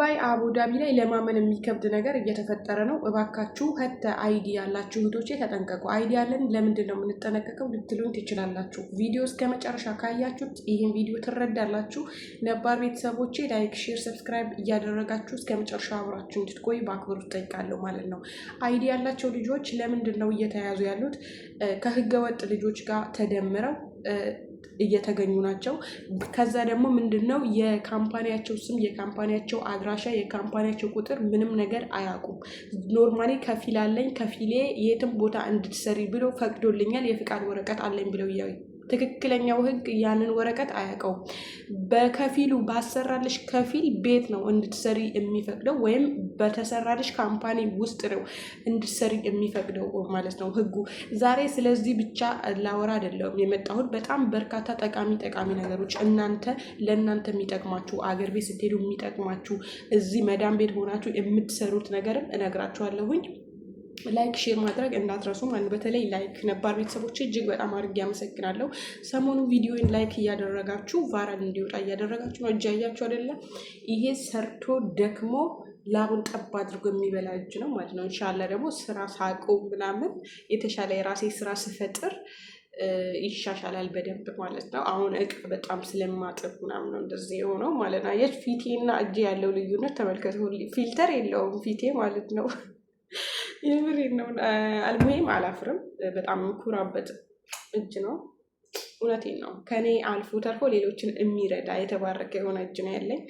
ዱባይ አቡዳቢ ላይ ለማመን የሚከብድ ነገር እየተፈጠረ ነው። እባካችሁ ህተ አይዲ ያላችሁ እህቶቼ ተጠንቀቁ። አይዲ ያለን ለምንድን ነው የምንጠነቀቀው ልትሉን ትችላላችሁ። ቪዲዮ እስከ መጨረሻ ካያችሁት ይህን ቪዲዮ ትረዳላችሁ። ነባር ቤተሰቦቼ ላይክ፣ ሼር፣ ሰብስክራይብ እያደረጋችሁ እስከ መጨረሻ አብራችሁ እንድትቆይ በአክብሮት እጠይቃለሁ ማለት ነው። አይዲ ያላቸው ልጆች ለምንድን ነው እየተያዙ ያሉት? ከህገወጥ ልጆች ጋር ተደምረው እየተገኙ ናቸው። ከዛ ደግሞ ምንድን ነው የካምፓኒያቸው ስም፣ የካምፓኒያቸው አድራሻ፣ የካምፓኒያቸው ቁጥር ምንም ነገር አያውቁም። ኖርማሊ ከፊል አለኝ ከፊሌ የትም ቦታ እንድትሰሪ ብሎ ፈቅዶልኛል፣ የፍቃድ ወረቀት አለኝ ብለው ትክክለኛው ህግ ያንን ወረቀት አያውቀውም። በከፊሉ ባሰራልሽ ከፊል ቤት ነው እንድትሰሪ የሚፈቅደው ወይም በተሰራልሽ ካምፓኒ ውስጥ ነው እንድትሰሪ የሚፈቅደው ማለት ነው ህጉ። ዛሬ ስለዚህ ብቻ ላወራ አይደለም የመጣሁት። በጣም በርካታ ጠቃሚ ጠቃሚ ነገሮች እናንተ ለእናንተ የሚጠቅማችሁ አገር ቤት ስትሄዱ የሚጠቅማችሁ እዚህ መዳም ቤት ሆናችሁ የምትሰሩት ነገርም እነግራችኋለሁኝ። ላይክ ሼር ማድረግ እንዳትረሱ ማለት ነው። በተለይ ላይክ ነባር ቤተሰቦች እጅግ በጣም አድርጌ ያመሰግናለሁ። ሰሞኑ ቪዲዮን ላይክ እያደረጋችሁ ቫይራል እንዲወጣ እያደረጋችሁ ነው። እጃያችሁ አይደለም ይሄ ሰርቶ ደክሞ ላቡን ጠብ አድርጎ የሚበላ እጅ ነው ማለት ነው። እንሻላ ደግሞ ስራ ሳቆም ምናምን የተሻለ የራሴ ስራ ስፈጥር ይሻሻላል በደንብ ማለት ነው። አሁን እቅ በጣም ስለማጥብ ምናምን ነው እንደዚህ የሆነው ማለት ነው። ፊቴና እጄ ያለው ልዩነት ተመልከተ። ፊልተር የለውም ፊቴ ማለት ነው። የምሬን ነው። አልሙሄም አላፍርም። በጣም ኩራበት እጅ ነው። እውነቴን ነው። ከኔ አልፎ ተርፎ ሌሎችን የሚረዳ የተባረከ የሆነ እጅ ነው ያለኝ።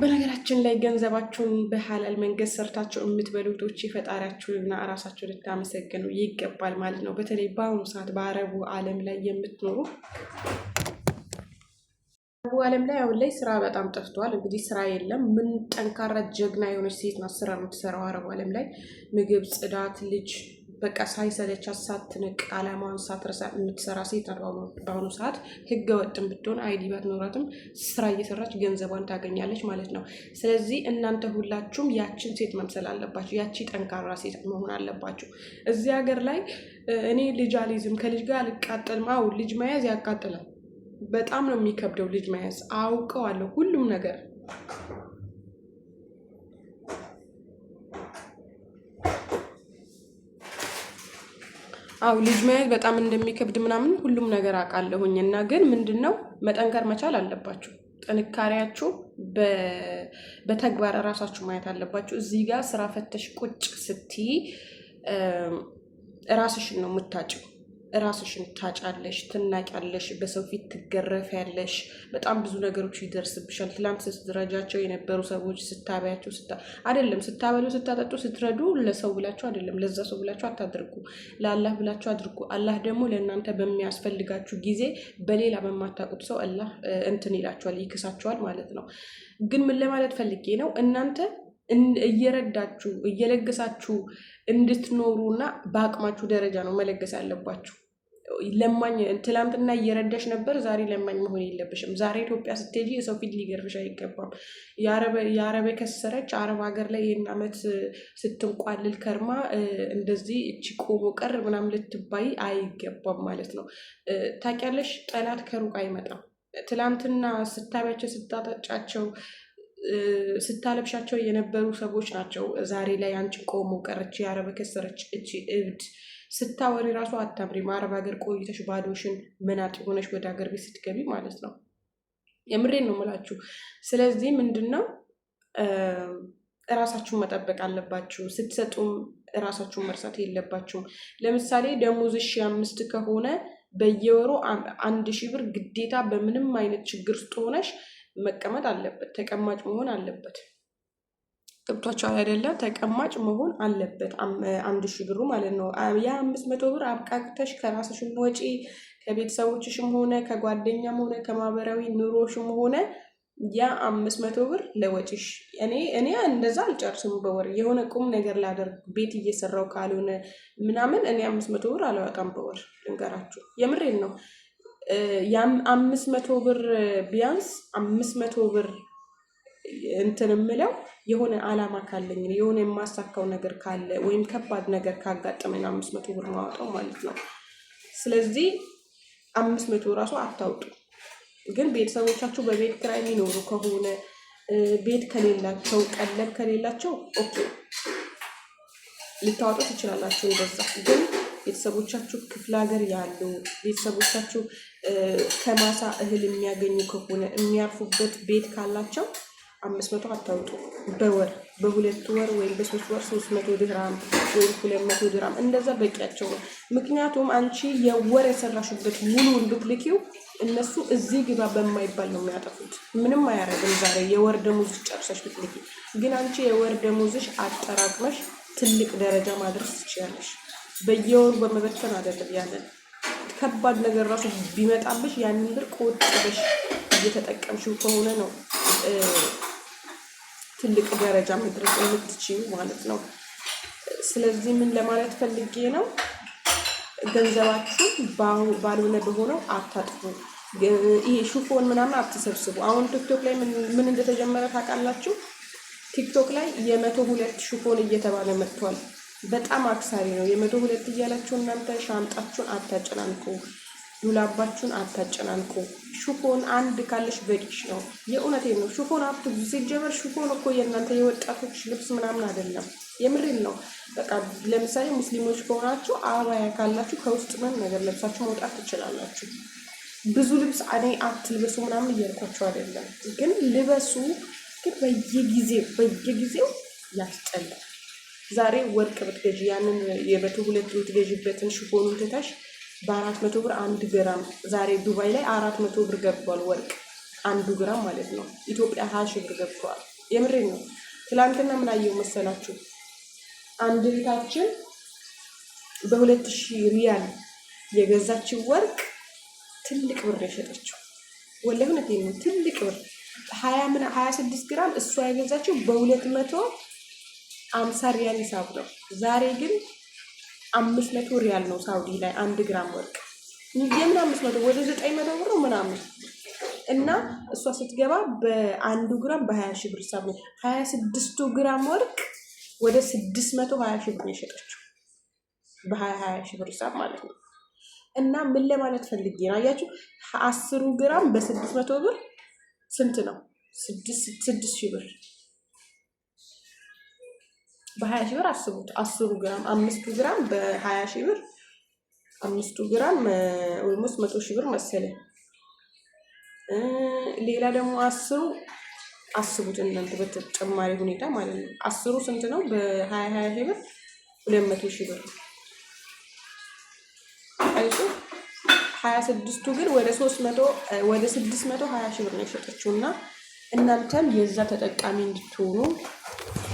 በነገራችን ላይ ገንዘባችሁን በሀላል መንገድ ሰርታችሁ የምትበሉቶች የፈጣሪያችሁንና እራሳችሁን ልታመሰገኑ ይገባል ማለት ነው። በተለይ በአሁኑ ሰዓት በአረቡ ዓለም ላይ የምትኖሩ አረቡ ዓለም ላይ አሁን ላይ ስራ በጣም ጠፍቷል። እንግዲህ ስራ የለም። ምን ጠንካራ ጀግና የሆነች ሴት ናት ስራ የምትሰራው አረቡ ዓለም ላይ ምግብ፣ ጽዳት፣ ልጅ በቃ ሳይሰለቻት ሳትንቅ አላማዋን ሳትረሳ የምትሰራ ሴት ናት። በአሁኑ ሰዓት ህገ ወጥም ብትሆን አይዲ ባትኖራትም ስራ እየሰራች ገንዘቧን ታገኛለች ማለት ነው። ስለዚህ እናንተ ሁላችሁም ያችን ሴት መምሰል አለባችሁ። ያቺ ጠንካራ ሴት መሆን አለባችሁ። እዚህ ሀገር ላይ እኔ ልጅ አልይዝም፣ ከልጅ ጋር አልቃጠልም። አዎ ልጅ መያዝ ያቃጥላል በጣም ነው የሚከብደው ልጅ መያዝ አውቀዋለሁ፣ ሁሉም ነገር አው ልጅ መያዝ በጣም እንደሚከብድ ምናምን ሁሉም ነገር አውቃለሁኝ። እና ግን ምንድን ነው መጠንከር መቻል አለባችሁ። ጥንካሬያችሁ በተግባር እራሳችሁ ማየት አለባችሁ። እዚህ ጋር ስራ ፈተሽ ቁጭ ስትይ ራስሽን ነው የምታጭው። ራስሽን ታጫለሽ፣ ትናቂያለሽ፣ በሰው ፊት ትገረፊያለሽ። በጣም ብዙ ነገሮች ይደርስብሻል። ትላንት ስትረጃቸው የነበሩ ሰዎች ስታበያቸው፣ አይደለም ስታበሉ፣ ስታጠጡ፣ ስትረዱ ለሰው ብላችሁ አይደለም፣ ለዛ ሰው ብላችሁ አታድርጉ፣ ለአላህ ብላችሁ አድርጉ። አላህ ደግሞ ለእናንተ በሚያስፈልጋችሁ ጊዜ በሌላ በማታውቁት ሰው አላህ እንትን ይላችኋል፣ ይክሳችኋል ማለት ነው። ግን ምን ለማለት ፈልጌ ነው እናንተ እየረዳችሁ እየለገሳችሁ እንድትኖሩና በአቅማችሁ ደረጃ ነው መለገስ ያለባችሁ። ለማኝ ትላንትና እየረዳሽ ነበር፣ ዛሬ ለማኝ መሆን የለብሽም። ዛሬ ኢትዮጵያ ስትሄጂ የሰው ፊት ሊገርፍሽ አይገባም። የአረብ የከሰረች አረብ ሀገር ላይ ይህን ዓመት ስትንቋልል ከርማ እንደዚህ እቺ ቆሞ ቀር ምናም ልትባይ አይገባም ማለት ነው። ታውቂያለሽ፣ ጠላት ከሩቅ አይመጣም። ትላንትና ስታቢያቸው ስታጠጫቸው ስታለብሻቸው የነበሩ ሰዎች ናቸው። ዛሬ ላይ አንቺ ቆሞ ቀረች የአረብ ከሰረች እቺ እብድ ስታወሪ ራሱ አታምሪም። አረብ ሀገር ቆይተሽ ባዶሽን ምናጥ ሆነች ወደ ሀገር ቤት ስትገቢ ማለት ነው። የምሬን ነው የምላችሁ። ስለዚህ ምንድን ነው እራሳችሁን መጠበቅ አለባችሁ። ስትሰጡም እራሳችሁን መርሳት የለባችሁም። ለምሳሌ ደሞዝ ሺ አምስት ከሆነ በየወሩ አንድ ሺህ ብር ግዴታ በምንም አይነት ችግር ውስጥ ሆነሽ መቀመጥ አለበት፣ ተቀማጭ መሆን አለበት። ገብቷቸዋል አይደለ? ተቀማጭ መሆን አለበት። አንድ ሺህ ብሩ ማለት ነው። ያ አምስት መቶ ብር አብቃቅተሽ ከራስሽም ወጪ ከቤተሰቦችሽም ሆነ ከጓደኛም ሆነ ከማህበራዊ ኑሮሽም ሆነ ያ አምስት መቶ ብር ለወጪሽ። እኔ እኔ እንደዛ አልጨርስም በወር የሆነ ቁም ነገር ላደርግ ቤት እየሰራው ካልሆነ ምናምን እኔ አምስት መቶ ብር አላወጣም በወር ልንገራችሁ፣ የምሬን ነው። አምስት መቶ ብር ቢያንስ አምስት መቶ ብር እንትን የምለው የሆነ አላማ ካለኝ የሆነ የማሳካው ነገር ካለ ወይም ከባድ ነገር ካጋጠመኝ አምስት መቶ ብር ማወጣው ማለት ነው። ስለዚህ አምስት መቶ እራሱ አታውጡ። ግን ቤተሰቦቻችሁ በቤት ኪራይ የሚኖሩ ከሆነ ቤት ከሌላቸው ቀለብ ከሌላቸው ኦኬ ልታወጡ ትችላላችሁ። እንደዛ ግን ቤተሰቦቻችሁ ክፍለ ሀገር ያሉ ቤተሰቦቻችሁ ከማሳ እህል የሚያገኙ ከሆነ የሚያርፉበት ቤት ካላቸው አምስት መቶ አታውጡ። በወር በሁለት ወር ወይም በሶስት ወር ሶስት መቶ ድራም ወይም ሁለት መቶ ድራም እንደዛ በቂያቸው ነው። ምክንያቱም አንቺ የወር የሰራሹበት ሙሉውን ብትልኪው እነሱ እዚህ ግባ በማይባል ነው የሚያጠፉት። ምንም አያረግም። ዛሬ የወር ደሞዝ ጨርሰሽ ብትልኪ ግን አንቺ የወር ደሞዝሽ አጠራቅመሽ ትልቅ ደረጃ ማድረስ ትችላለሽ። በየወሩ በመበተን አይደለም ያለን ከባድ ነገር ራሱ ቢመጣብሽ ያንን ብር ቆጥበሽ እየተጠቀምሽው ከሆነ ነው ትልቅ ደረጃ መድረስ የምትችይው ማለት ነው። ስለዚህ ምን ለማለት ፈልጌ ነው፣ ገንዘባችሁ ባልሆነ በሆነው አታጥፉ። ይሄ ሹፎን ምናምን አትሰብስቡ። አሁን ቲክቶክ ላይ ምን እንደተጀመረ ታውቃላችሁ? ቲክቶክ ላይ የመቶ ሁለት ሹፎን እየተባለ መጥቷል። በጣም አክሳሪ ነው። የመቶ ሁለት እያላችሁ እናንተ ሻንጣችሁን አታጨናንቁ፣ ዱላባችሁን አታጨናንቁ። ሹፎን አንድ ካለሽ በቂሽ ነው። የእውነቴ ነው። ሹፎን ሀብቱ ሲጀመር ሹፎን እኮ የእናንተ የወጣቶች ልብስ ምናምን አይደለም። የምሬን ነው። በቃ ለምሳሌ ሙስሊሞች ከሆናችሁ አባያ ካላችሁ ከውስጥ ምን ነገር ለብሳችሁ መውጣት ትችላላችሁ። ብዙ ልብስ እኔ አትልበሱ ምናምን እያልኳቸው አይደለም፣ ግን ልበሱ ግን በየጊዜው በየጊዜው ያስጠላል። ዛሬ ወርቅ ብትገዢ ያንን የበቱ ሁለት ብትገዢበትን ሽፎኑን ትተሽ በአራት መቶ ብር አንድ ግራም ዛሬ ዱባይ ላይ አራት መቶ ብር ገብቷል። ወርቅ አንዱ ግራም ማለት ነው። ኢትዮጵያ ሀያ ሺህ ብር ገብቷል። የምሬ ነው። ትላንትና ምን አየው መሰላችሁ? አንድ ቤታችን በሁለት ሺህ ሪያል የገዛችው ወርቅ ትልቅ ብር የሸጠችው ወላሂ እውነቴን ነው። ትልቅ ብር ሀያ ሀያ ስድስት ግራም እሷ የገዛችው በሁለት መቶ አምሳ ሪያል ሂሳብ ነው። ዛሬ ግን አምስት መቶ ሪያል ነው ሳውዲ ላይ አንድ ግራም ወርቅ የምን አምስት መቶ ወደ ዘጠኝ መቶ ብር ምናምን እና እሷ ስትገባ በአንዱ ግራም በሀያ ሺ ብር ሂሳብ ነው። ሀያ ስድስቱ ግራም ወርቅ ወደ ስድስት መቶ ሀያ ሺ ብር ነው የሸጠችው በሀያ ሀያ ሺ ብር ሂሳብ ማለት ነው። እና ምን ለማለት ፈልጌ ነው? አያችሁ አስሩ ግራም በስድስት መቶ ብር ስንት ነው? ስድስት ሺ ብር በሀያ ሺህ ብር አስቡት። አስሩ ግራም አምስቱ ግራም በሀያ ሺህ ብር አምስቱ ግራም ኦልሞስት መቶ ሺህ ብር መሰለኝ። ሌላ ደግሞ አስሩ አስቡት እናንተ በተጨማሪ ሁኔታ ማለት ነው። አስሩ ስንት ነው? በሀያ ሀያ ሺህ ብር ሁለት መቶ ሺህ ብር አይሱ ሀያ ስድስቱ ግን ወደ ሶስት መቶ ወደ ስድስት መቶ ሀያ ሺህ ብር ነው የሸጠችው እና እናንተም የዛ ተጠቃሚ እንድትሆኑ